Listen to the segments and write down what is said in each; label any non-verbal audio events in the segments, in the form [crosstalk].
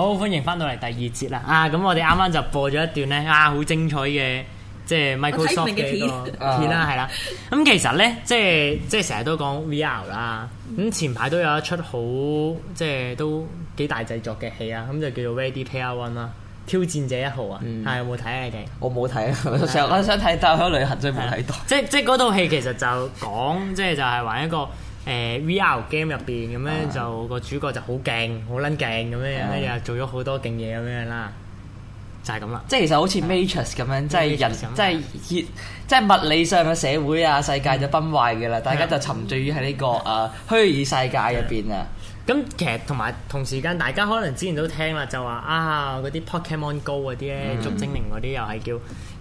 好歡迎翻到嚟第二節啦、嗯啊！啊，咁我哋啱啱就播咗一段咧啊，好精彩嘅即係 Microsoft 嘅片啦，係啦。 [laughs] 咁、嗯、其實咧，即係即係成日都講 VR 啦、嗯。咁前排都有一出好即係都幾大製作嘅戲啊，咁就叫做《Ready Player One》啊，《挑戰者一號》啊、嗯，係有冇睇啊？你哋，我冇睇啊，成日我想睇太空旅行真了，真係冇睇到。 [laughs] 即即嗰套戲其實就講，即係就係玩一個。誒、呃、VR game 入邊咁樣，uh, 就個主角就好、uh. 勁，好撚勁咁樣，然後做咗好多勁嘢咁樣啦，就係咁啦。即係其實好似 Matrix 咁樣，Yeah. 即係人，Yeah. 即係熱，即係物理上嘅社會啊，世界就崩壞嘅啦，Yeah. 大家就沉醉於喺呢、這個誒 Yeah.、啊、虛擬世界入邊啊。Yeah. 咁其實同埋同時間，大家可能之前都聽啦，就話啊嗰啲 Pokemon、ok、Go 嗰啲咧，捉、mm hmm. 精靈嗰啲又係叫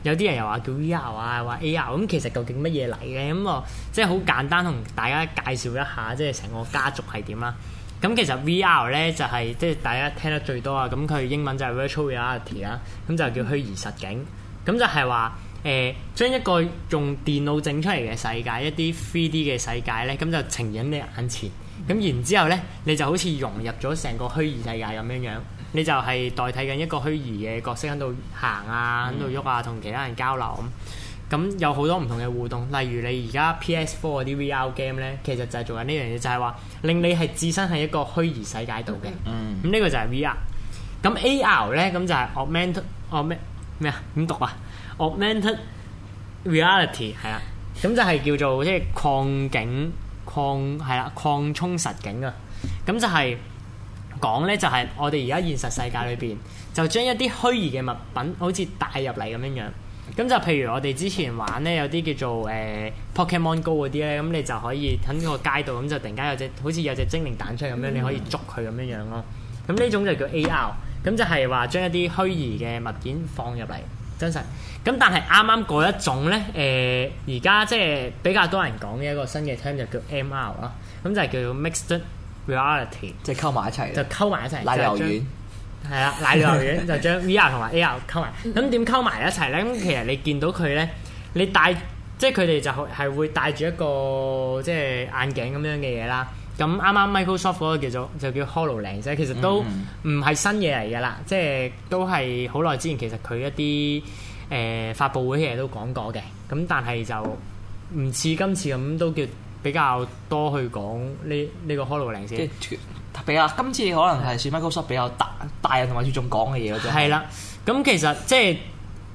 有啲人又話叫 VR 啊，又話 AR 咁其實究竟乜嘢嚟嘅？咁、嗯、我即係好簡單同大家介紹一下，即係成個家族係點啦。咁其實 VR 咧就係、是、即係大家聽得最多啊。咁佢英文就係 Virtual Reality 啦、mm，咁、hmm. 就叫虛擬實境。咁就係話誒將一個用電腦整出嚟嘅世界，一啲 three D 嘅世界咧，咁就呈現你眼前。咁然之後咧，你就好似融入咗成個虛擬世界咁樣樣，你就係代替緊一個虛擬嘅角色喺度行啊，喺度喐啊，同其他人交流咁。咁有好多唔同嘅互動，例如你而家 PS4 嗰啲 VR game 咧，其實就係做緊呢樣嘢，就係話令你係置身喺一個虛擬世界度嘅。嗯。咁呢個就係 VR。咁 AR 咧，咁就係 Augmented，Augmented 咩啊？點讀啊？Augmented reality 係啊。咁 [laughs] 就係叫做即係擴景。就是擴係啦，擴充實境啊，咁就係講咧，就係、是、我哋而家現實世界裏邊就將一啲虛擬嘅物品好似帶入嚟咁樣樣。咁就譬如我哋之前玩咧有啲叫做誒、呃、Pokemon Go 嗰啲咧，咁你就可以喺個街道咁就突然間有隻好似有隻精靈彈出嚟咁樣，嗯、你可以捉佢咁樣樣咯。咁呢種就叫 A R，咁就係話將一啲虛擬嘅物件放入嚟。真實咁，但係啱啱嗰一種咧，誒而家即係比較多人講嘅一個新嘅 term 就叫 MR 啦，咁就係叫 mixed reality，即係溝埋一齊。就溝埋一齊。奶油丸，係啊，奶油丸，就將 VR 同埋 AR 溝埋，咁點溝埋一齊咧？咁其實你見到佢咧，你戴即係佢哋就係、是、會戴住一個即係、就是、眼鏡咁樣嘅嘢啦。咁啱啱 Microsoft 嗰個叫做就叫 HoloLens 啫，其實都唔係新嘢嚟噶啦，嗯、即係都係好耐之前其實佢一啲誒、呃、發佈會嘅人都講過嘅，咁但係就唔似今次咁都叫比較多去講呢呢個 HoloLens 先，比較、啊、今次可能係 Microsoft 比較大大人同埋注重講嘅嘢啫，係啦，咁、 [laughs] 嗯、其實即係。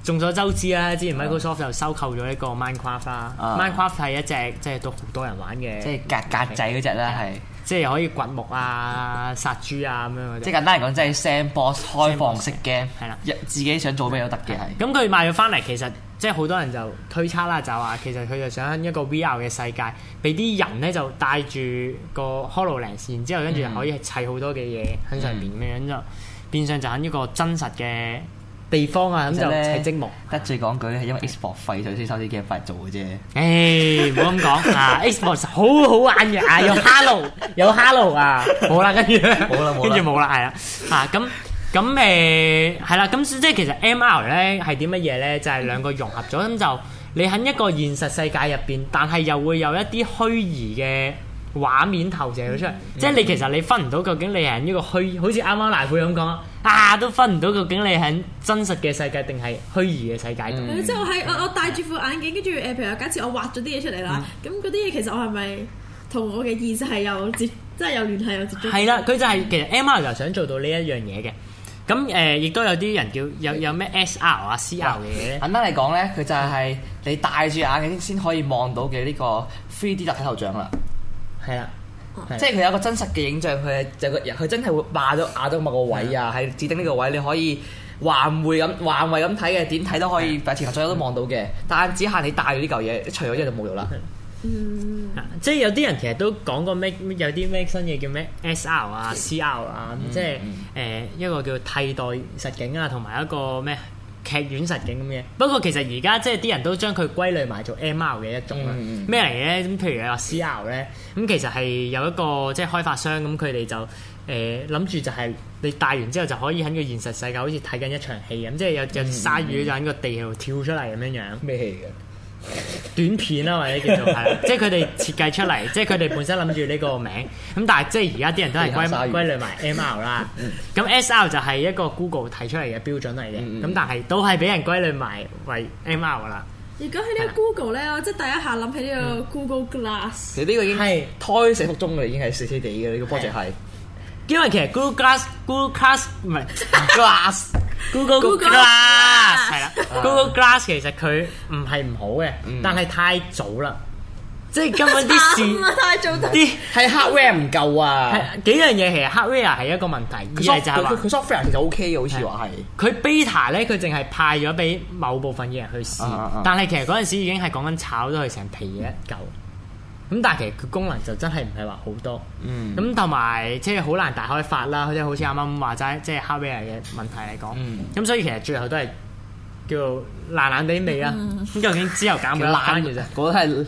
眾所周知啦，之前 Microsoft 就收購咗、uh, 一個 Minecraft。Minecraft 係一隻即係都好多人玩嘅，即係格格仔嗰隻啦，係即係又可以掘木啊、殺豬啊咁樣些即係簡單嚟講，即係 sandbox 開放式 game。係啦的，的自己想做咩都得嘅係。咁佢賣咗翻嚟，其實即係好多人就推測啦，就話其實佢就想一個 VR 嘅世界，俾啲人咧就戴住個 Hololens，之後跟住可以砌好多嘅嘢喺上面咁樣就變相就喺呢個真實嘅地方啊，咁就砌積木。得罪講句咧，係、啊、因為 Xbox 費就先收啲嘅快做嘅啫、欸。唔好咁講啊，Xbox 好好玩嘅、啊，有 Halo，有 Halo 啊，冇、啊、啦，跟住咧，冇啦，跟住冇啦，係啦著了。啊，咁咁誒係啦，咁即係其實 MR 咧係啲乜嘢咧？就係、是、兩個融合咗，咁、嗯、就你喺一個現實世界入邊，但係又會有一啲虛擬嘅。畫面投射咗出嚟，嗯、即係你其實你分唔到究竟你係呢個虛，嗯、好似啱啱賴珮咁講啊，都分唔到究竟你係真實嘅世界定係虛擬嘅世界。即係我喺我我戴住副眼鏡，跟住誒，譬如假設我畫咗啲嘢出嚟啦，咁嗰啲嘢其實我係咪同我嘅現實係有接，即係有聯繫有接觸？係啦、嗯，佢就係其實 M R 就 MR 想做到呢一樣嘢嘅。咁誒，亦、呃、都有啲人叫有有咩 S R 啊 C R 嘅嘢。簡單嚟講咧，佢就係你戴住眼鏡先可以望到嘅呢個 three D 立體頭像啦。係啦， [noise] 即係佢有一個真實嘅影像，佢就個佢真係會霸咗霸咗某個位啊，喺 [noise] 指定呢個位你可以環迴咁環迴咁睇嘅，點睇都可以都， [noise] 但係前後左右都望到嘅。但係只限你戴咗呢嚿嘢，除咗之後就冇用啦。 [noise] 嗯、即係有啲人其實都講過咩？有啲咩新嘢叫咩？SR 啊，CR 啊，嗯、即係誒一個叫替代實景啊，同埋一個咩？劇院實景咁嘅，不過其實而家即係啲人都將佢歸類埋做 MR 嘅一種啊。咩嚟嘅？咁、hmm. 譬如你話 CR 咧，咁其實係有一個即係開發商咁，佢哋就誒諗住就係你戴完之後就可以喺個現實世界好似睇緊一場戲咁，即係有、mm hmm. 有啲鯊魚喺個地度跳出嚟咁樣樣。咩戲嘅？Hmm. [laughs] 短片啦，或者叫做係即係佢哋設計出嚟，即係佢哋本身諗住呢個名，咁但係即係而家啲人都係歸歸類埋 MR 啦。咁 SR 就係一個 Google 提出嚟嘅標準嚟嘅，咁但係都係俾人歸類埋為 MR 噶啦。而講起呢個 Google 咧，我即係第一下諗起呢個 Google Glass。你呢個已經胎死腹中啦，已經係死死地嘅呢個 project 係。因為其實 Google Glass，Google Glass 唔係 Glass。Google Glass 係啦 Google,、uh,，Google Glass 其實佢唔係唔好嘅，uh, 但係太早啦，嗯、即係今日啲事太早啲，係 hardware 唔夠啊，幾樣嘢其實 hardware 係一個問題，佢 software 其實 OK 嘅，好似話係，佢 beta 咧佢淨係派咗俾某部分嘅人去試，uh, uh, uh, 但係其實嗰陣時已經係講緊炒咗佢成皮嘢一嚿。咁但係其實佢功能就真係唔係話好多，咁同埋即係好難大開發啦，即、就、係、是、好似啱啱話齋，即係 hardware 嘅問題嚟講，咁、嗯、所以其實最後都係叫爛爛地味啊，咁、嗯、究竟之後搞唔到 [laughs] 爛嘅的啫，嗰係。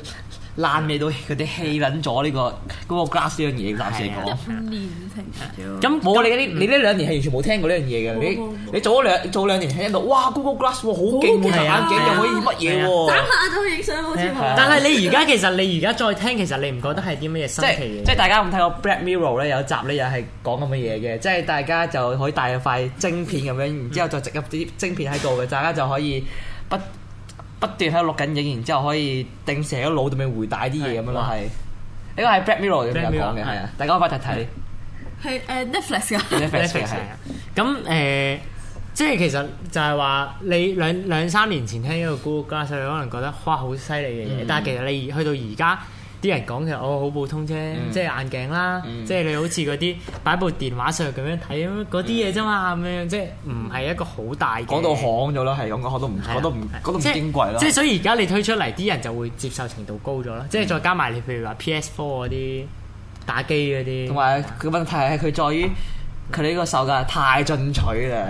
爛味到佢哋氣撚咗呢個 Google Glass 呢樣嘢，暫時講。咁我你呢你呢兩年係完全冇聽過呢樣嘢嘅，你你早兩早兩年聽到，哇 Google Glass 喎好勁喎，眼鏡又可以乜嘢喎？眨下都影相好似。但係你而家其實你而家再聽，其實你唔覺得係啲乜嘢新奇嘅？即係大家有冇睇過 Black Mirror 咧？有集咧又係講咁嘅嘢嘅，即係大家就可以戴塊晶片咁樣，然之後再植入啲晶片喺度嘅，大家就可以不不斷喺度錄緊影，然之後可以定成個腦度咪回帶啲嘢咁咯，係呢個係 Black Mirror 咁樣講嘅，係啊，大家可以睇睇。係誒 Netflix 噶。Netflix 係啊。咁誒，即係其實就係話你兩兩三年前聽呢個歌，o o 你可能覺得哇，好犀利嘅嘢，但係其實你去到而家。啲人講其實我好普通啫，嗯、即係眼鏡啦，嗯、即係你好似嗰啲擺部電話上咁樣睇咁嗰啲嘢啫嘛，咁樣、嗯、即係唔係一個好大講到行咗啦，係咁講我都唔我都唔講都唔矜貴啦。即係所以而家你推出嚟，啲人就會接受程度高咗啦。即係再加埋你譬如話 PS Four 嗰啲打機嗰啲，同埋個問題係佢在於佢呢個售價太進取啦。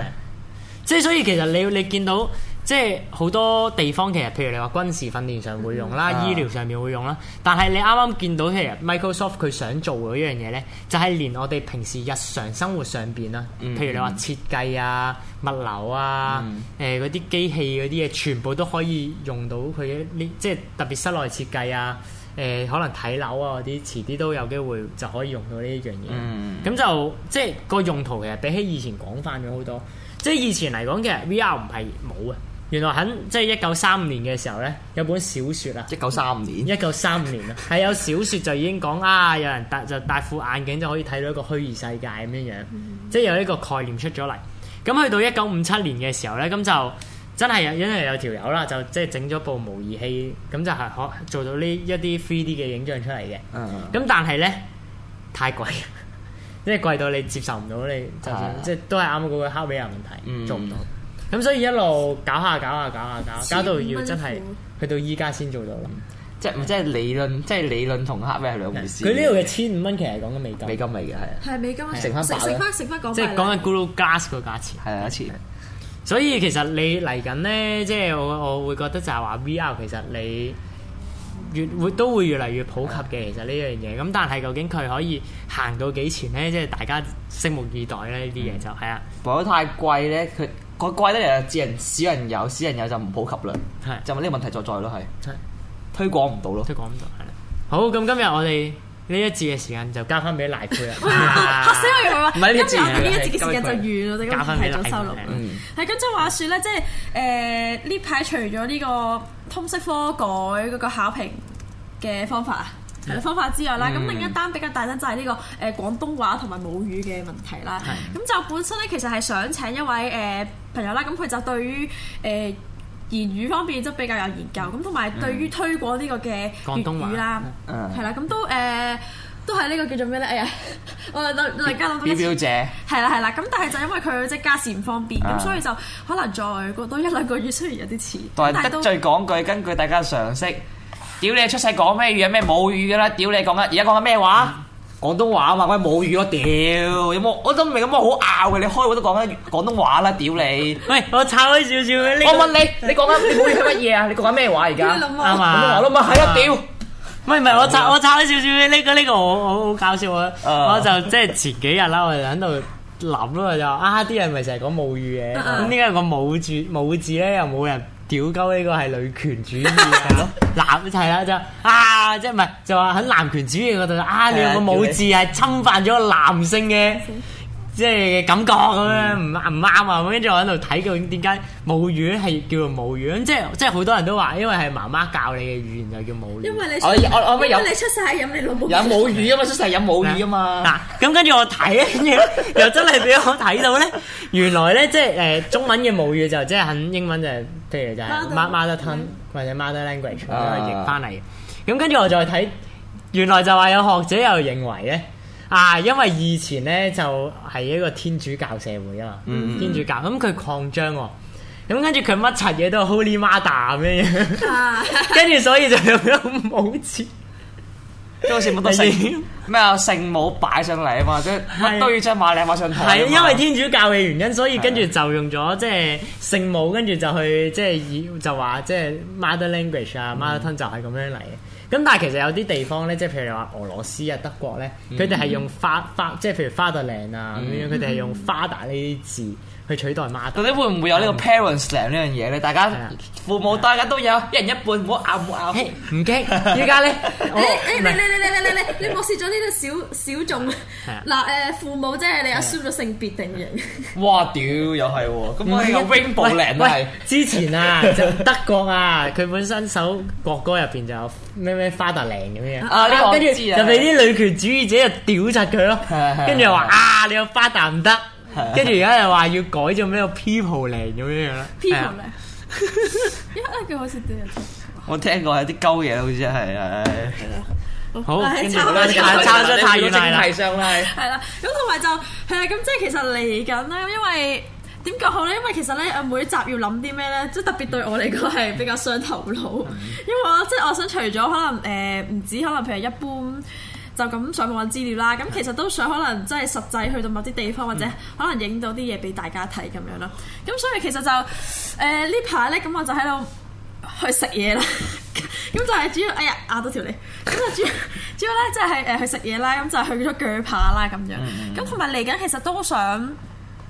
即係所以其實你你見到。即係好多地方，其實譬如你話軍事訓練上會用啦，嗯、醫療上面會用啦。嗯、但係你啱啱見到其實 Microsoft 佢想做嗰一樣嘢咧，就係、是、連我哋平時日常生活上邊啊，嗯、譬如你話設計啊、物流啊、誒嗰啲機器嗰啲嘢，全部都可以用到佢呢。即係特別室內設計啊，誒、呃、可能睇樓啊嗰啲，遲啲都有機會就可以用到呢一樣嘢。咁、嗯、就即係個用途其實比起以前廣泛咗好多。即係以前嚟講，其實 VR 唔係冇嘅。原來喺即係一九三五年嘅時候呢，有本小說啊。一九三五年。一九三五年啊，係 [laughs] 有小說就已經講啊，有人戴就戴副眼鏡就可以睇到一個虛擬世界咁樣樣，mm hmm. 即係有呢個概念出咗嚟。咁去到一九五七年嘅時候呢，咁就真係有因為有條友啦，就即係整咗部模擬器，咁就係可做到呢一啲 three D 嘅影像出嚟嘅。嗯咁、uh. 但係呢，太貴，即係貴到你接受唔到，你就算、uh. 即係都係啱嗰個哈比亞問題，mm. 做唔到。咁所以一路搞下搞下搞下搞，搞到要真係去到依家先做到啦。即係唔即係理論，即係理論同黑尾係兩回事。佢呢度嘅千五蚊，其實講緊美，美，美金，美金嚟嘅係係美金。食翻食食翻食翻即係講緊 Google Glass 個價錢係啊一次。所以其實你嚟緊咧，即係我我會覺得就係話 V R 其實你越會都會越嚟越普及嘅。的其實呢樣嘢咁，但係究竟佢可以行到幾前咧？即係大家拭目以待啦。呢啲嘢就係啊，如果太貴咧，佢。怪貴得嚟啊！自人少人有，少人有就唔普及啦，就問呢個問題在在咯，係推廣唔到咯，推廣唔到，係啦。好，咁今日我哋呢一節嘅時間就交翻俾賴珮啊。嚇死我！原來話今日我哋呢一節時間就完啦，大家睇到收錄，係嗰張話説咧，即係誒呢排除咗呢個通識科改嗰個考評嘅方法啊方法之外啦，咁另一單比較大單就係呢個誒廣東話同埋母語嘅問題啦。咁就本身咧，其實係想請一位誒、朋友啦，咁佢就對於誒言語方面即係比較有研究，咁同埋對於推廣呢個嘅粵語啦，係啦、嗯，咁的、嗯、都誒、呃、都係呢個叫做咩咧？哎呀，我哋大家諗到表，表姐係啦係啦，咁但係就因為佢即係家事唔方便，咁、啊、所以就可能再過多一兩個月，雖然有啲遲，但係得罪講句，根據大家嘅常識，屌你出世講咩語啊？咩母語㗎啦！屌你講緊而家講緊咩話？嗯廣東話啊嘛，鬼母語咯屌！有冇我都唔明，有冇好拗嘅？你開我都講緊廣東話啦，屌你！喂，我插開少少咧。我問你，你講你講嘅係乜嘢啊？你講緊咩話而家？啱啊諗啊，係啊屌！唔係唔係，我插我插開少少咧。呢個呢個好好好搞笑啊！我就即係前幾日啦，我就喺度諗囉，就啊啲人咪成日講母語嘅，點解個母字母字咧又冇人？屌鳩呢個係女權主義咯，啊， [laughs] 男就係、是、啦、啊、就啊即係唔係就話、是、喺男權主義嗰度啊，你用個母字係侵犯咗男性嘅。 [laughs] 即係感覺咁樣唔唔啱啊！咁跟住我喺度睇究竟點解母語咧係叫做母語咧？即係即係好多人都話，因為係媽媽教你嘅語言就叫母語。因為你我我我乜飲？你出世飲你老母。飲母乳啊嘛，出世飲母乳啊嘛。嗱，咁跟住我睇嘅，又真係俾我睇到咧。原來咧，即係誒中文嘅母語就即係肯英文就譬如就 mother tongue 或者 mother language 咁去譯翻嚟。咁跟住我再睇，原來就話有學者又認為咧。啊，因為以前咧就係、是、一個天主教社會啊嘛，天主教咁佢擴張喎，咁跟住佢乜柒嘢都 Holy mother 咩，跟住所以就用咗母字，即係好似冇多聖咩啊聖母擺上嚟啊嘛，即係乜都要將瑪利亞擺上台。係因為天主教嘅原因，所以跟住就用咗即係聖母，是的 跟住就去即係就話即係 mother language 啊，mother tongue 就係咁樣嚟。咁但係其實有啲地方咧，即係譬如話俄羅斯、嗯、啊、德國咧，佢哋係用花花，即係譬如花達蘭啊咁樣，佢哋係用花達呢啲字。去取代媽？到底會唔會有呢個 parents 娘呢樣嘢咧？大家父母大家都有一人一半，唔好拗唔拗，唔驚。依家咧，誒誒你你你你你你你漠視咗呢個小小眾。嗱誒父母即係你輸咗性別定型。哇屌又係喎，咁我個 rainbow 娘都係。之前啊，就德國啊，佢本身首國歌入邊就有咩咩花旦娘咁樣。啊，跟住就哋啲女權主義者就屌窒佢咯，跟住又話啊，你個花旦唔得。跟住而家又話要改做咩 People 嚟咁樣樣，People 嚟的， [laughs] 因為佢好似對人，我聽過係啲鳩嘢，好似係，係啦，好，跟住我哋差咗太遠啦，係啦，咁同埋就係咁，即係其實嚟緊咧，因為點講好咧？因為其實咧，每集要諗啲咩咧，即係特別對我嚟講係比較傷頭腦， [laughs] 因為我即係我想除咗可能誒唔止，可能譬、呃、如一般。就咁上網揾資料啦，咁其實都想可能真係實際去到某啲地方，嗯、或者可能影到啲嘢俾大家睇咁樣咯。咁所以其實就誒、呃、呢排咧，咁我就喺度去食嘢啦。咁 [laughs] 就係主要哎呀咬到、啊、條脷，咁就 [laughs] 主要主要咧即係誒去食嘢啦，咁就去咗鋸扒啦咁樣。咁同埋嚟緊其實都想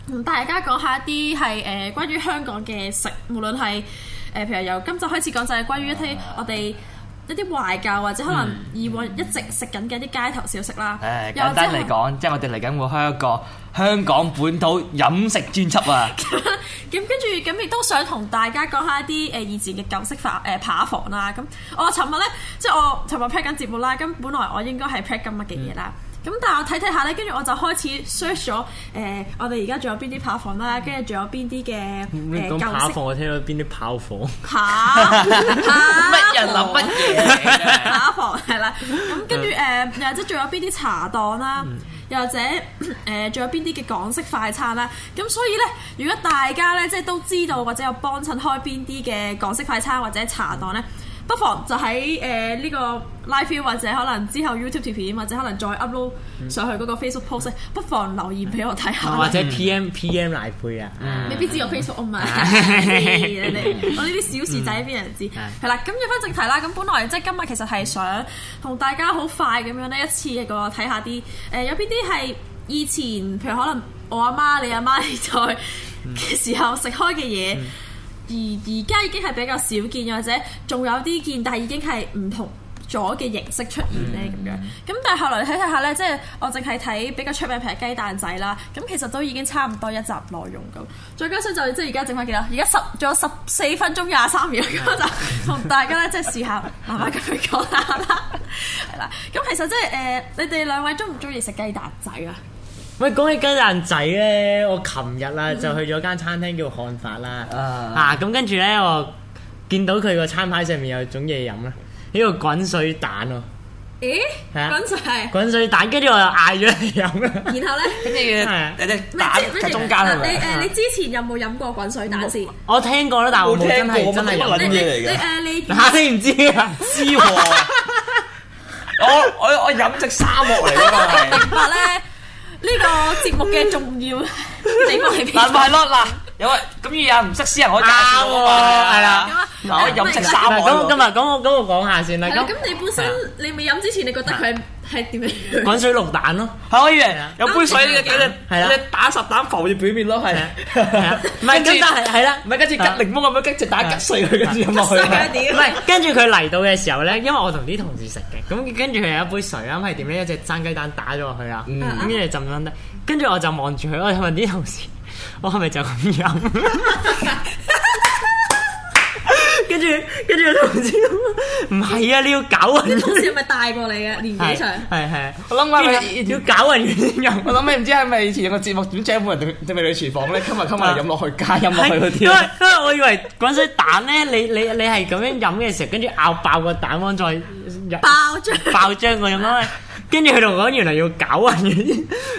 同大家講下一啲係誒關於香港嘅食，無論係誒、呃、譬如由今集開始講就係、是、關於一啲我哋。一啲懷舊或者可能以往一直食緊嘅一啲街頭小食啦。嗯、簡單嚟講，即係我哋嚟緊會開一個香港本土飲食專輯啊。咁 [laughs] 跟住，咁亦都想同大家講下一啲誒以前嘅舊式法，誒扒房啦。咁我尋日咧，即係我尋日 pack 緊節目啦。咁本來我應該係 pack 今日嘅嘢啦。咁但係我睇睇下咧，跟住我就開始 search 咗誒，我哋而家仲有邊啲扒房啦，跟住仲有邊啲嘅……咁扒、嗯呃、房我聽到邊啲炮房？扒扒乜人留乜嘢？扒 [laughs] 房係啦，咁跟住誒，又、嗯呃、或者仲有邊啲茶檔啦，又、嗯、或者誒，仲、呃、有邊啲嘅港式快餐啦？咁所以咧，如果大家咧即係都知道或者有幫襯開邊啲嘅港式快餐或者茶檔咧？不妨就喺誒呢個 live view 或者可能之後 YouTube 貼片或者可能再 upload 上去嗰個 Facebook post，不妨留言俾我睇下，啊。或者 PM、嗯、PM 奶杯啊，嗯、未必知我 Facebook 啊嘛。嗯、 [laughs] [laughs] 我呢啲小事仔邊人知？係啦，咁要翻正題啦。咁本來即係今日其實係想同大家好快咁樣咧，一次過睇下啲誒有邊啲係以前譬如可能我阿媽，媽、你阿媽，媽在嘅時候食開嘅嘢。嗯嗯嗯而而家已經係比較少見，或者仲有啲見，但係已經係唔同咗嘅形式出現咧咁樣。咁、嗯、但係後來睇睇下咧，即係我淨係睇比較出名嘅雞蛋仔啦。咁其實都已經差唔多一集內容咁。最鳩衰就即係而家整翻幾多？而家十仲有十四分鐘廿三秒，咁就同大家咧即係試下慢慢咁去講啦。係啦， [laughs] 咁 [laughs] [laughs] 其實即係誒，你哋兩位中唔中意食雞蛋仔啊？喂，講起雞蛋仔咧，我琴日啦就去咗間餐廳叫漢法啦，啊，咁跟住咧我見到佢個餐牌上面有種嘢飲啦，呢個滾水蛋哦，誒，滾水，滾水蛋，跟住我又嗌咗嚟飲啦，然後咧，跟住打隻蛋喺中間係咪？誒，你之前有冇飲過滾水蛋先？我聽過啦，但係我冇真係真係嘢嚟嘅，吓你唔知啊？知喎，我我我飲只沙漠嚟噶嘛係？明白咧。呢個節目嘅重要 [laughs] 地方係邊？ [laughs] 嗱咪係咯，嗱有啊，咁啲人唔識詩，我可以教喎，係啦，嗱、嗯、我飲成三，咁今日天咁、嗯、我咁我講下先啦，咁咁樣啦你本身、啊、你未飲之前，你覺得佢？啊係點樣滾水龍蛋咯，啊、可以啊？有杯水呢個幾，你打十蛋，了蛋浮住表面咯，係咪的？唔係，跟住係係啦，唔係跟住吉檸檬咁樣，跟住打吉碎佢，跟住飲落去。唔係跟住佢嚟到嘅時候咧，因為我同啲同事食嘅，咁跟住佢有一杯水，咁係點咧？一隻生雞蛋打咗落去啊，咁跟住浸翻低，跟住我就望住佢，我問啲同事，我係咪就咁飲？ [laughs] [laughs] 跟住，跟住都唔知。唔係啊，你要攪啊！啲同事係咪帶過嚟啊？年紀長。係係。我諗翻你要攪啊，我諗你唔知係咪以前有個節目點整碗定定俾你廚房咧，今日今日嚟飲落去，加飲落去嗰啲。因為因為我以為滾水蛋咧，你你你係咁樣飲嘅時候，跟住咬爆個蛋黃再。爆漿。爆漿個樣咯。跟住佢度講原來要攪啊！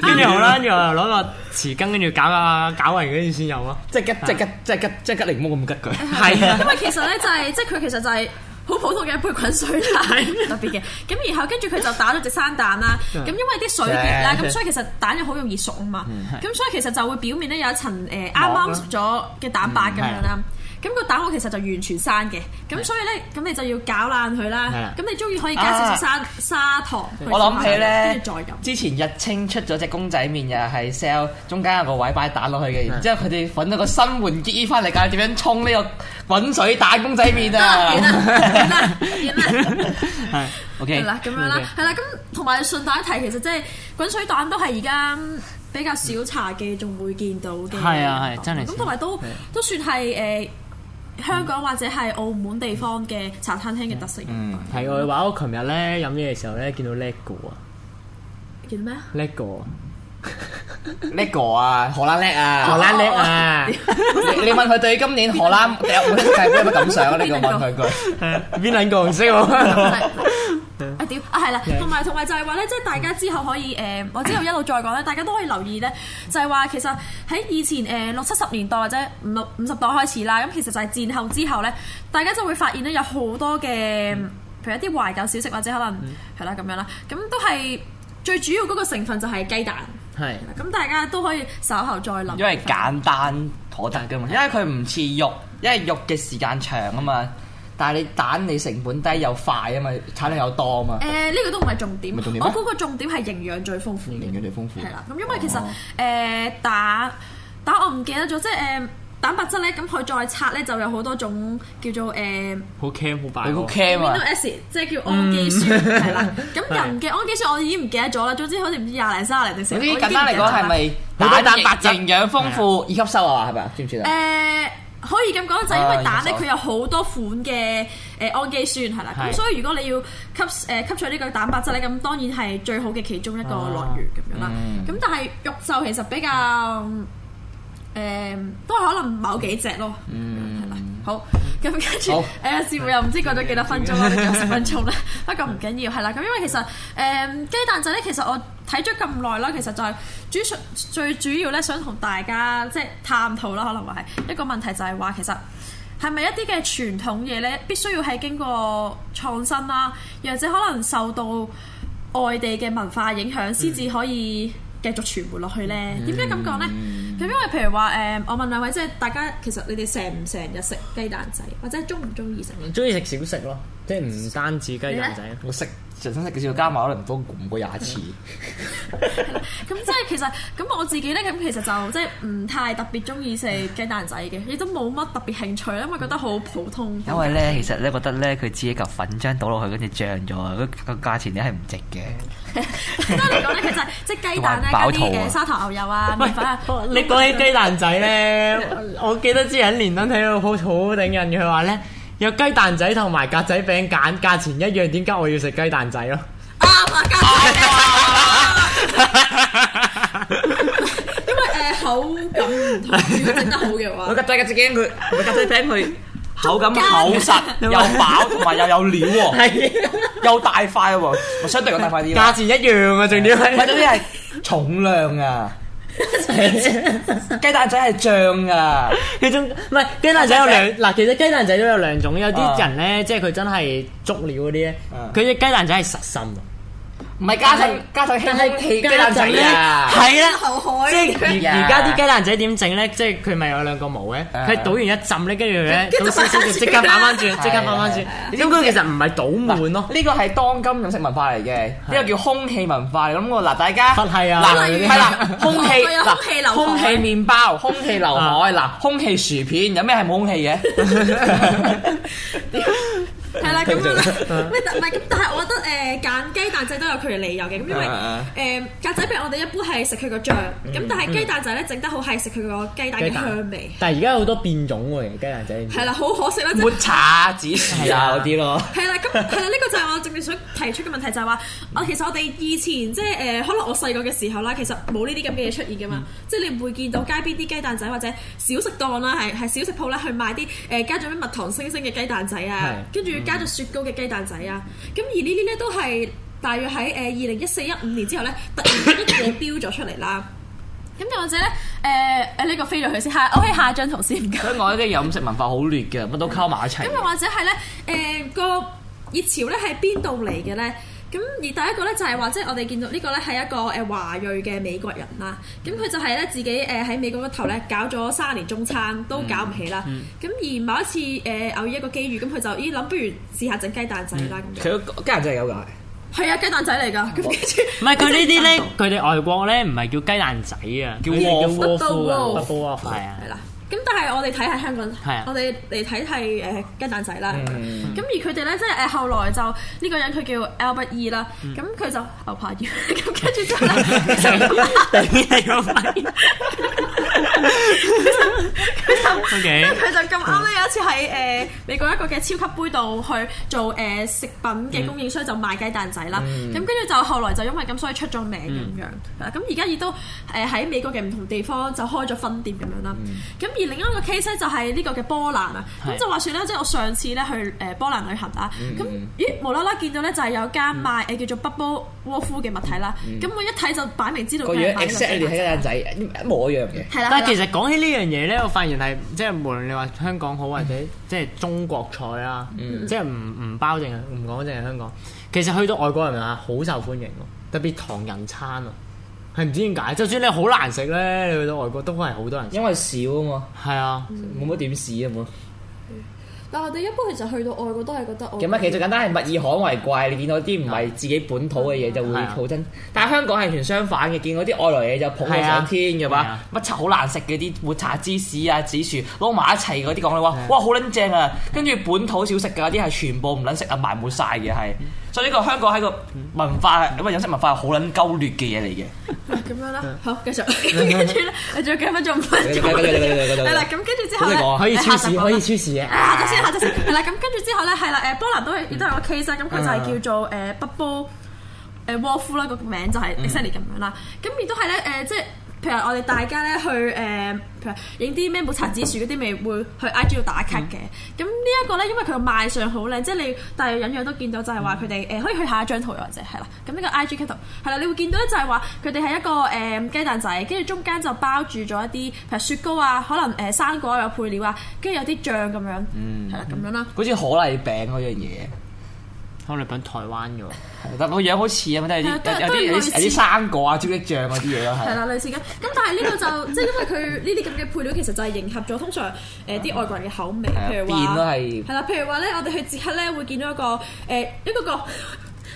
跟住 [laughs] 好啦，就攞個匙羹跟住攪下攪下嗰啲先有啊！ [laughs] 即係吉即係吉即係吉即係吉利木咁吉佢，係啊， [music] 因為其實咧就係即係佢其實就係好普通嘅一杯滾水啦， [laughs] 特別嘅。咁然後跟住佢就打咗隻生蛋啦。咁 [laughs] 因為啲水熱啦，咁 Yeah, 所以其實蛋又好容易熟啊嘛。咁 yeah, 所以其實就會表面咧有一層誒啱啱熟咗嘅蛋白咁樣啦。咁個蛋我其實就完全生嘅，咁所以咧，咁你就要攪爛佢啦。咁你終於可以加少少砂砂糖。我諗起咧，之前日清出咗隻公仔麵又係 sell，中間有個位擺蛋落去嘅，然之後佢哋揾咗個新換機翻嚟教點樣沖呢個滾水蛋公仔麵啊！OK 啦，咁樣啦，係啦，咁同埋順帶一提，其實即係滾水蛋都係而家比較少茶記，仲會見到嘅。係啊，係真係。咁同埋都都算係誒。香港或者係澳門地方嘅茶餐廳嘅特色嗯，係我話，我琴日咧飲嘢嘅時候咧，見到叻哥啊，見到咩啊？叻哥啊，叻哥啊，荷蘭叻啊，荷蘭叻啊！你你問佢對今年荷蘭踢唔踢世界杯有冇感想啊？呢個問佢句？邊兩個唔識我？啊，係啦，同埋同埋就係話咧，即係大家之後可以誒、呃，我之後一路再講咧，大家都可以留意咧，就係話其實喺以前誒六七十年代或者五六五十代開始啦，咁其實就係戰後之後咧，大家就會發現咧有好多嘅，譬如一啲懷舊小食或者可能係啦咁樣啦，咁都係最主要嗰個成分就係雞蛋，係，咁大家都可以稍後再諗。因為簡單妥當嘅問題，對 因為佢唔似肉，因為肉嘅時間長啊嘛。但係你蛋你成本低又快啊嘛，產量又多啊嘛。誒呢個都唔係重點，我估個重點係營養最豐富。營養最豐富。係啦，咁因為其實誒蛋蛋我唔記得咗，即係誒蛋白質咧，咁佢再拆咧就有好多種叫做誒。好 cam 好白喎。amino acid？即係叫氨基酸係啦。咁人嘅氨基酸我已經唔記得咗啦。總之好似唔知廿零三零定成。簡單嚟講係咪好多蛋白質？營養豐富易吸收啊嘛，係咪知唔知啊？誒。可以咁講就係因為蛋咧，佢有好多款嘅誒氨基酸係啦，咁對所以如果你要吸誒吸取呢個蛋白質咧，咁當然係最好嘅其中一個來源咁、啊嗯、樣啦。咁但係肉就其實比較誒、嗯，都係可能某幾隻咯，係啦、嗯。好咁跟住誒，師傅好、呃、又唔知過咗幾多分鐘啦，仲有幾分鐘咧。 [laughs] 不過唔緊要，係啦。咁因為其實誒、嗯、雞蛋仔咧，其實我。睇咗咁耐啦，其實就係主最主要咧，想同大家即係探討啦，可能話係一個問題就，就係話其實係咪一啲嘅傳統嘢咧，必須要係經過創新啦，又或者可能受到外地嘅文化影響，先至、嗯、可以繼續傳播落去咧？點解咁講咧？咁因為譬如話誒，我問兩位，即係大家其實你哋成唔成日食雞蛋仔，或者中唔中意食？中意食小食咯。即係唔單止雞蛋仔，我食，重想食幾次，加埋我都唔多，唔過廿次。咁即係其實，咁我自己咧，咁其實就即係唔太特別中意食雞蛋仔嘅，亦都冇乜特別興趣，因為覺得好普通。因為咧，其實咧，覺得咧，佢自己嚿粉漿倒落去，跟住漲咗，個價錢咧係唔值嘅。即係嚟講咧，其實即係雞蛋飽啊、雞蛋嘅沙糖牛油啊、麵粉啊， [laughs] 粉啊你講起雞蛋仔咧， [laughs] 我記得之前喺連登睇到好好頂人嘅佢話咧。有雞蛋仔同埋格仔餅揀，價錢一樣，點解我要食雞蛋仔咯，啊？因為誒口感唔同， [laughs] 得好嘅話我姐姐姐姐，我格仔嘅自己佢，格仔餅佢口感厚實，又飽，啊，同埋又有料喎，又是的 大塊喎，我相對講大塊啲。價錢一樣啊，重點係嗰啲係重量啊。雞 [laughs] 蛋仔係脹噶，佢種唔係雞蛋仔有兩，嗱其實雞蛋仔都有兩種，有啲人咧、嗯、即係佢真係足料嗰啲咧，佢隻雞蛋仔係實心。唔係加上加上氣雞蛋仔咧，係啦，即係而家啲雞蛋仔點整咧？即係佢咪有兩個模嘅，佢倒完一浸咧，跟住咧，咁少少就即刻反翻轉，即刻反翻轉。呢佢其實唔係倒滿咯，呢個係當今飲食文化嚟嘅，呢個叫空氣文化。咁我嗱大家，嗱係啦，空氣嗱空氣麵包、空氣劉海、嗱空氣薯片，有咩係冇空氣嘅？係啦，咁樣啦。喂，啊、但唔係咁，但係我覺得誒揀、 [laughs] 呃、雞蛋仔都有佢嘅理由嘅。咁因為誒格仔譬如我哋一般係食佢個醬。咁但係雞蛋仔咧，整得好係食佢個雞蛋嘅香味。但係而家好多變種喎，雞蛋仔。係啦，好可惜啦，抹茶子、 [laughs] 紫薯啊嗰啲咯。係啦，咁係啦，呢個就係我正正想提出嘅問題，就係話我其實我哋以前即係誒，可能我細個嘅時候啦，其實冇呢啲咁嘅嘢出現㗎嘛。嗯、即係你唔會見到街邊啲雞蛋仔或者小食檔啦，係係小食鋪啦去賣啲誒加咗啲蜜糖星星嘅雞蛋仔啊，跟住的。加咗雪糕嘅雞蛋仔啊！咁而呢啲咧都係大約喺誒二零一四一五年之後咧，突然一嘢飆咗出嚟啦。咁又 [coughs] 或者咧誒誒呢、呃呢個飛咗去先，OK，我喺下張圖先。香港啲飲食文化好劣嘅，乜 [laughs] 都溝埋一齊。咁又或者係咧誒個熱潮咧係邊度嚟嘅咧？咁而第一個咧就係話，即係我哋見到呢個咧係一個誒華裔嘅美國人啦。咁佢就係咧自己誒喺美國嗰頭咧搞咗三十年中餐都搞唔起啦。咁、嗯嗯、而某一次誒偶遇一個機遇，咁佢就咦諗不如試下整雞蛋仔啦。佢、嗯、樣雞蛋仔有㗎，係啊，雞蛋仔嚟㗎。唔係佢呢啲咧，佢哋外國咧唔係叫雞蛋仔叫 olf，啊，叫鍋都啊，係啊。咁但係我哋睇下香港，我哋嚟睇係誒雞蛋仔啦。咁而佢哋咧，即係誒後來就呢個人佢叫 Lbe 啦。咁佢就牛扒完，咁跟住就頂你個肺。佢就就咁啱咧，有一次喺誒美國一個嘅超級杯度去做誒食品嘅供應商，就賣雞蛋仔啦。咁跟住就後來就因為咁，所以出咗名咁樣。咁而家亦都誒喺美國嘅唔同地方就開咗分店咁樣啦。咁而另一個 case 就係呢個嘅波蘭啊，咁就是的 話説啦，即係我上次咧去誒波蘭旅行啊。咁、嗯嗯、咦無啦啦見到咧就係有間賣誒、嗯嗯、叫做 Bubble 窩夫嘅物體啦，咁我、嗯嗯、一睇就擺明知道佢係。個樣 e 仔，一模一樣嘅。係啦。但係其實講起呢樣嘢咧，我發現係即係無論你話香港好或者即係中國菜啊，即係唔唔包淨唔講淨係香港，其實去到外國人啊好受歡迎喎，特別唐人餐啊。係唔知點解，就算你好難食咧，你去到外國都係好多人食，因為少啊嘛。係啊，冇乜點試啊嘛。嗯、但我哋一般其實去到外國都係覺得。其實唔係，其實簡單係物以罕為貴，你見到啲唔係自己本土嘅嘢就會好憎。啊、但係香港係完全相反嘅，見到啲外來嘢就捧起上天嘅話，乜柒、啊啊、好難食嘅啲抹茶芝士啊、紫薯攞埋一齊嗰啲講你話，啊、哇好撚正啊！跟住本土小食嗰啲係全部唔撚食啊，埋滿晒嘅係。所以呢個香港喺個文化咁啊飲食文化好撚勾亂嘅嘢嚟嘅。咁 [laughs] 樣啦，好，繼續。跟住咧，你仲有幾分鐘分？仲五分啦，咁跟住之後咧，可以超市，可以超市嘅。下集先，下集先。係啦，咁跟住之後咧，係啦，誒，波蘭都亦都係個 case 咁佢就係叫做誒不波誒沃夫啦，個、呃呃、名就係 exactly 咁樣啦。咁亦都係咧，誒、呃，即係。呃即譬如我哋大家咧去誒，譬、呃、如影啲咩抹茶紫薯嗰啲咪會去 I G 度打卡嘅。咁、嗯、呢一個咧，因為佢賣相好靚，即係你大約隱約都見到就係話佢哋誒可以去下一張圖或者係啦。咁呢個 I G 圖係啦，你會見到咧就係話佢哋係一個誒、呃、雞蛋仔，跟住中間就包住咗一啲譬如雪糕啊，可能誒生、呃、果有配料啊，跟住有啲醬咁樣，係啦，咁樣啦。好似、嗯、啦可麗餅嗰樣嘢。湯料品台灣嘅喎，但個樣好似啊， [laughs] 都係啲有啲有啲生果啊、焦蜜醬嗰啲嘢咯，係。係啦，類似嘅。咁但係呢個就 [laughs] 即係因為佢呢啲咁嘅配料其實就係迎合咗通常誒啲外國人嘅口味，譬如話係啦，譬如話咧，我哋去捷克咧會見到一個誒一個一個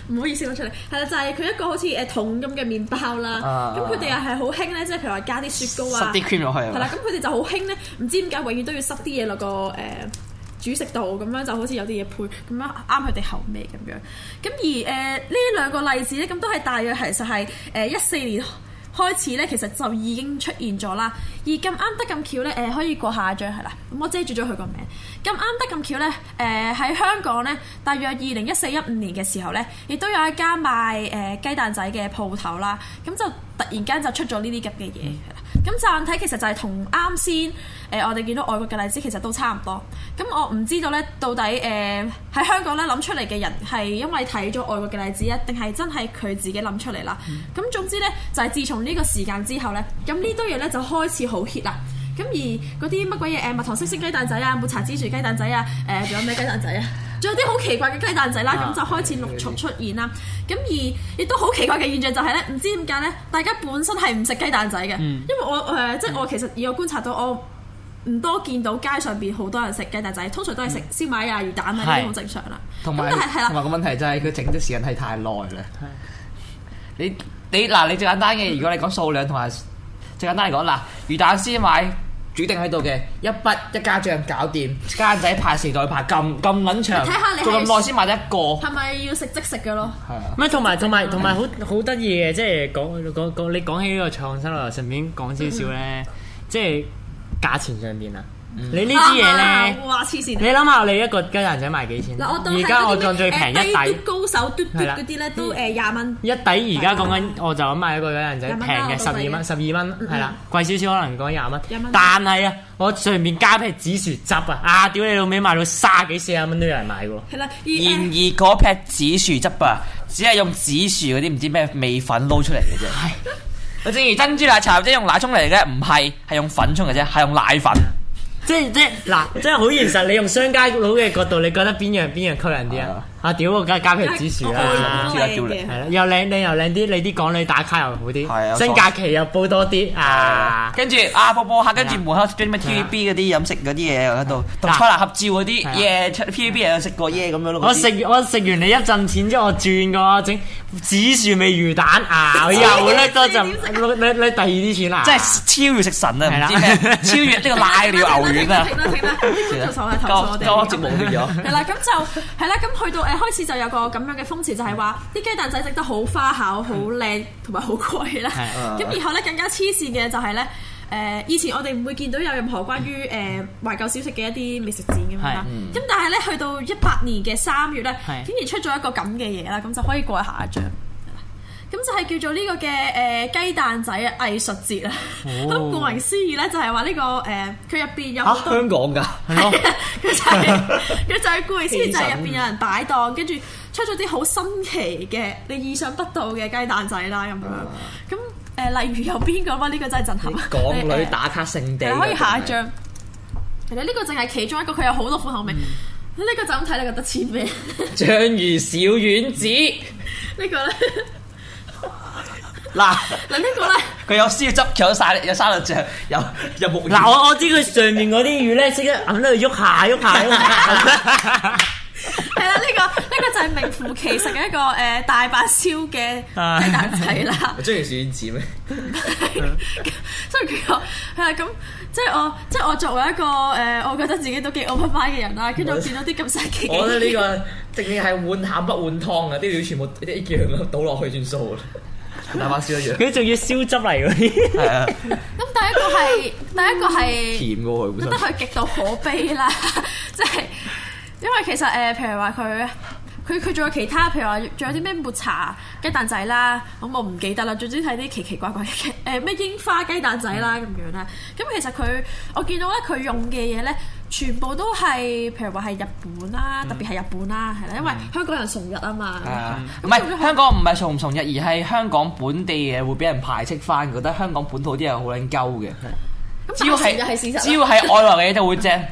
唔好意思講出嚟，係啦，就係佢一個好似誒桶咁嘅麵包啦，咁佢哋又係好興咧，即係譬如話加啲雪糕啊，塞啲 cream 落去啊，係啦，咁佢哋就好興咧，唔知點解永遠都要塞啲嘢落個誒。煮食度咁樣就好似有啲嘢配咁樣啱佢哋口味咁樣，咁而誒呢、呃、兩個例子咧，咁都係大約其實係誒一四年開始咧，其實就已經出現咗啦。而咁啱得咁巧咧，誒、呃、可以過下一張係啦，咁我遮住咗佢個名。咁啱得咁巧咧，誒、呃、喺香港咧，大約二零一四一五年嘅時候咧，亦都有一間賣誒、呃、雞蛋仔嘅鋪頭啦，咁就突然間就出咗呢啲咁嘅嘢。嗯。咁暫睇其實就係同啱先，誒、呃、我哋見到外國嘅例子其實都差唔多。咁我唔知道呢，到底誒喺、呃、香港呢諗出嚟嘅人係因為睇咗外國嘅例子啊，定係真係佢自己諗出嚟啦？咁、嗯、總之呢，就係、是、自從呢個時間之後呢，咁呢堆嘢呢，就開始好 hit 啦。咁而嗰啲乜鬼嘢誒蜜糖色色雞蛋仔啊、抹茶芝士雞蛋仔啊，誒仲有咩雞蛋仔啊？仲有啲好奇怪嘅雞蛋仔啦，咁就開始陸續出現啦。咁而亦都好奇怪嘅現象就係咧，唔知點解咧，大家本身係唔食雞蛋仔嘅，因為我誒即係我其實以我觀察到，我唔多見到街上邊好多人食雞蛋仔，通常都係食燒賣啊、魚蛋啊，呢啲好正常啦。同埋係啦，同埋個問題就係佢整嘅時間係太耐啦。你你，嗱，你最簡單嘅，如果你講數量同埋最簡單嚟講嗱，魚蛋燒賣。注定喺度嘅一筆一家帳搞掂，家仔拍時代，拍咁咁撚長，睇下你做咁耐先買得一個，係咪要食即食嘅咯？係啊，同埋同埋同埋好好得意嘅，即係講講講你講起呢個創新啊，順便講少少咧，即係價錢上邊啊！你呢啲嘢咧，哇黐線，你諗下你一個雞蛋仔賣幾錢？而家我最平一底高手嘟嘟嗰啲咧都誒廿蚊。一抵而家講緊，我就咁賣一個雞蛋仔平嘅十二蚊，十二蚊係啦，貴少少可能講廿蚊，但係啊，我上面加撇紫薯汁啊！啊，屌你老味，賣到卅幾四十蚊都有人買喎。然而嗰撇紫薯汁啊，只係用紫薯嗰啲唔知咩味粉撈出嚟嘅啫。係，正如珍珠奶茶或者用奶沖嚟嘅，啫，唔係係用粉沖嘅啫，係用奶粉。即係即係嗱，即係好現實， [laughs] 你用商家佬嘅角度，你覺得邊樣邊樣吸引啲啊？Uh. 啊屌，梗係加皮紫薯啦，係啦，又靚靚又靚啲，你啲港女打卡又好啲，新假期又煲多啲啊！跟住啊，播播下，跟住門口整咩 TVB 嗰啲飲食嗰啲嘢喺度，同崔娜合照嗰啲嘢，TVB 又有食過嘢咁樣咯。我食我食完你一陣錢之後，我轉個整紫薯味魚蛋啊，又呢多陣，你你第二啲錢啦，即係超越食神啊，唔知超越呢個奶料牛丸啊。停啦停啦，呢個就手咗。係啦，咁就係啦，咁去到。開始就有個咁樣嘅風潮，就係話啲雞蛋仔食得好花巧、好靚同埋好貴啦。咁、嗯嗯、然後咧更加黐線嘅就係、是、咧，誒、呃、以前我哋唔會見到有任何關於誒懷舊小食嘅一啲美食展咁樣啦。咁、嗯、但係咧去到一八年嘅三月咧，嗯、竟然出咗一個咁嘅嘢啦，咁、嗯、就可以過去下一張。咁就係叫做呢個嘅誒雞蛋仔藝術節啊！咁顧名思義咧，就係話呢個誒佢入邊有好多香港噶，係咯，佢就係佢就係顧名思就係入邊有人擺檔，跟住出咗啲好新奇嘅、你意想不到嘅雞蛋仔啦咁樣。咁誒、oh. 呃，例如有邊個啊？呢、這個真係震撼！港女打卡聖地， [laughs] 呃、可以下一張。 [laughs] 其實呢個淨係其中一個，佢有好多款口味。呢、mm. 個就咁睇，你覺得似咩？章魚 [laughs] 小丸子，呢個咧。嗱嗱啦呢個咧，佢有燒汁，搶晒，有沙律醬，有有木魚。嗱，我我知佢上面嗰啲魚咧，即刻喺度喐下喐下。係啦，呢個呢個就係名副其實嘅一個誒大白燒嘅蛋仔啦。我中意小丸、啊啊、子咩？ [laughs] [laughs] 所以佢話佢話咁，即係我即係我作為一個誒，我覺得自己都幾 open mind 嘅人啦。跟住我的見到啲咁神奇我、這個，我覺得呢個直情係換餡不換湯嘅，啲料全部一啲一樣咯，倒落去算數打火燒一樣，佢仲要燒汁嚟嗰啲。係啊，咁第一個係， [laughs] 第一個係甜嘅喎，本身，極度可悲啦、 [laughs] 就是，即係因為其實誒、呃，譬如話佢，佢佢仲有其他，譬如話仲有啲咩抹茶雞蛋仔啦，咁我唔記得啦，總之睇啲奇奇怪怪嘅誒咩櫻花雞蛋仔啦咁樣啦，咁其實佢我見到咧，佢用嘅嘢咧。全部都係，譬如話係日本啦，特別係日本啦，係啦，因為香港人崇日啊嘛。唔係香港唔係崇唔崇日，而係香港本地嘢會俾人排斥翻，覺得香港本土啲人好撚鳩嘅。嗯、只要係主要係外來嘅嘢就會正，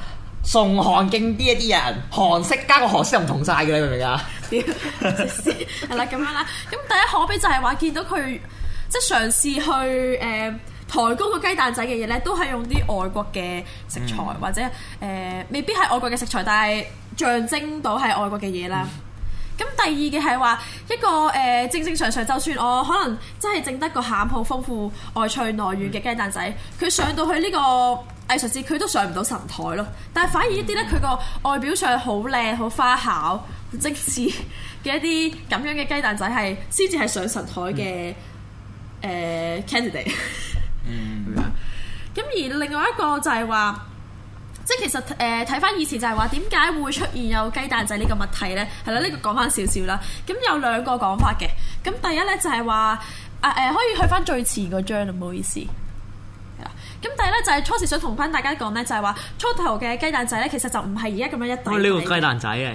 崇 [laughs] 韓勁啲一啲人，韓式加個韓式唔同晒嘅，你明唔明啊？屌 [laughs] [laughs] [laughs] 係啦，咁樣啦。咁第一可悲就係話見到佢即係嘗試去誒、呃抬高個雞蛋仔嘅嘢呢，都係用啲外國嘅食材，mm hmm. 或者誒、呃、未必係外國嘅食材，但係象徵到係外國嘅嘢啦。咁、mm hmm. 第二嘅係話一個誒、呃、正正常常，就算我可能真係整得個餡好豐富、外脆內軟嘅雞蛋仔，佢、mm hmm. 上到去呢個藝術節，佢都上唔到神台咯。但係反而一啲呢，佢個外表上好靚、好花巧、好精緻嘅一啲咁樣嘅雞蛋仔，係先至係上神台嘅誒 candidate。嗯，咁、嗯、而另外一個就係話，即係其實誒睇翻以前就係話點解會出現有雞蛋仔呢個物體呢？係、嗯、啦，呢、呢個講翻少少啦。咁有兩個講法嘅。咁第一呢就係話啊誒、呃，可以去翻最前嗰張，唔好意思。咁第二呢就係初時想同翻大家講呢，就係話初頭嘅雞蛋仔呢，其實就唔係而家咁樣一對嘅。呢個、啊、雞蛋仔啊。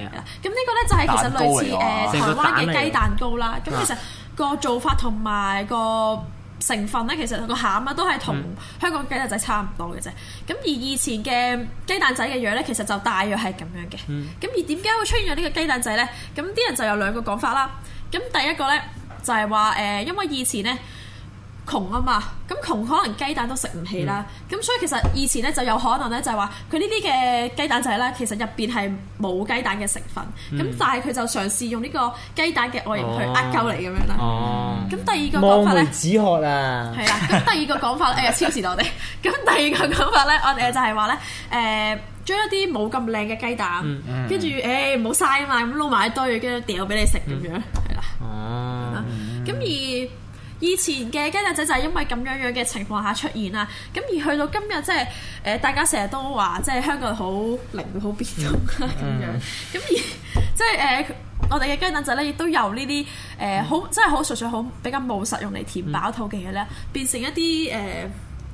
咁呢個呢就係其實類似誒台灣嘅雞蛋糕啦。咁其實個做法同埋、嗰個。嗯成分咧，其實個餡啊都係同香港雞蛋仔差唔多嘅啫。咁、嗯、而以前嘅雞蛋仔嘅樣咧，其實就大約係咁樣嘅。咁、嗯、而點解會出現咗呢個雞蛋仔咧？咁啲人就有兩個講法啦。咁第一個咧就係話誒，因為以前咧。窮啊嘛，咁窮可能雞蛋都食唔起啦，咁所以其實以前咧就有可能咧就係話佢呢啲嘅雞蛋仔咧，其實入邊係冇雞蛋嘅成分，咁但係佢就嘗試用呢個雞蛋嘅外形去呃鳩你咁樣啦。哦，咁第二個講法咧，止渴啦，係啦。咁第二個講法誒超時代嘅，咁第二個講法咧我哋就係話咧誒將一啲冇咁靚嘅雞蛋，跟住誒唔好嘥啊嘛，咁撈埋一堆，跟住掉俾你食咁樣係啦。哦，咁而。以前嘅雞蛋仔就係因為咁樣樣嘅情況下出現啦，咁而去到今日即係誒，大家成日都話即係香港好靈活好變動啊咁樣，咁、嗯嗯、而即係誒、呃，我哋嘅雞蛋仔咧亦都由呢啲誒好即係好純粹好比較務實用嚟填飽肚嘅嘢咧，嗯、變成一啲誒、呃、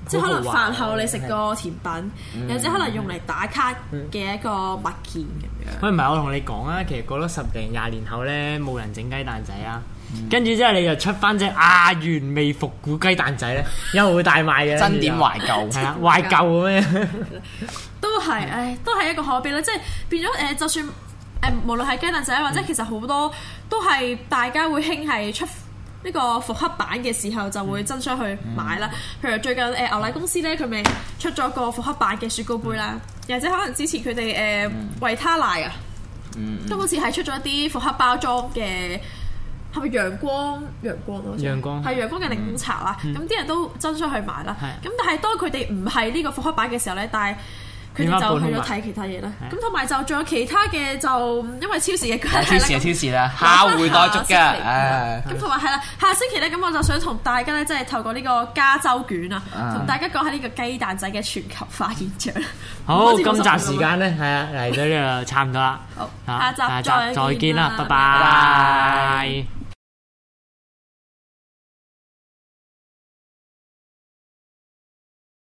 即係可能飯後你食個甜品，又或、嗯嗯、者可能用嚟打卡嘅一個物件咁樣。唔係、嗯，嗯嗯、我同你講啊，嗯、其實過咗十零廿年，年後咧，冇人整雞蛋仔啊！跟住之後，嗯、就你就出翻隻阿原味復古雞蛋仔咧，因為會大賣嘅，真點懷舊，係啊，懷舊嘅咩？ [laughs] 都係，唉，都係一個可悲啦。即係變咗誒、呃，就算誒、呃，無論係雞蛋仔、嗯、或者其實好多都係大家會興係出呢個復刻版嘅時候，就會爭相去買啦。嗯嗯、譬如最近誒牛奶公司咧，佢咪出咗個復刻版嘅雪糕杯啦，又或者可能之前佢哋誒維他奶啊，都好似係出咗一啲復刻包裝嘅。係咪陽光陽光咯？係陽光嘅檸檬茶啦，咁啲人都爭出去買啦。咁但係當佢哋唔係呢個復刻版嘅時候咧，但係佢哋就去咗睇其他嘢啦。咁同埋就仲有其他嘅，就因為超市嘅關係，超市啦，超市啦，下回再續㗎。咁同埋係啦，下星期咧，咁我就想同大家咧，即係透過呢個加州卷啊，同大家講下呢個雞蛋仔嘅全球化現象。好，今集時間咧，係啊，嚟到呢度差唔多啦。好，下集再再見啦，拜拜。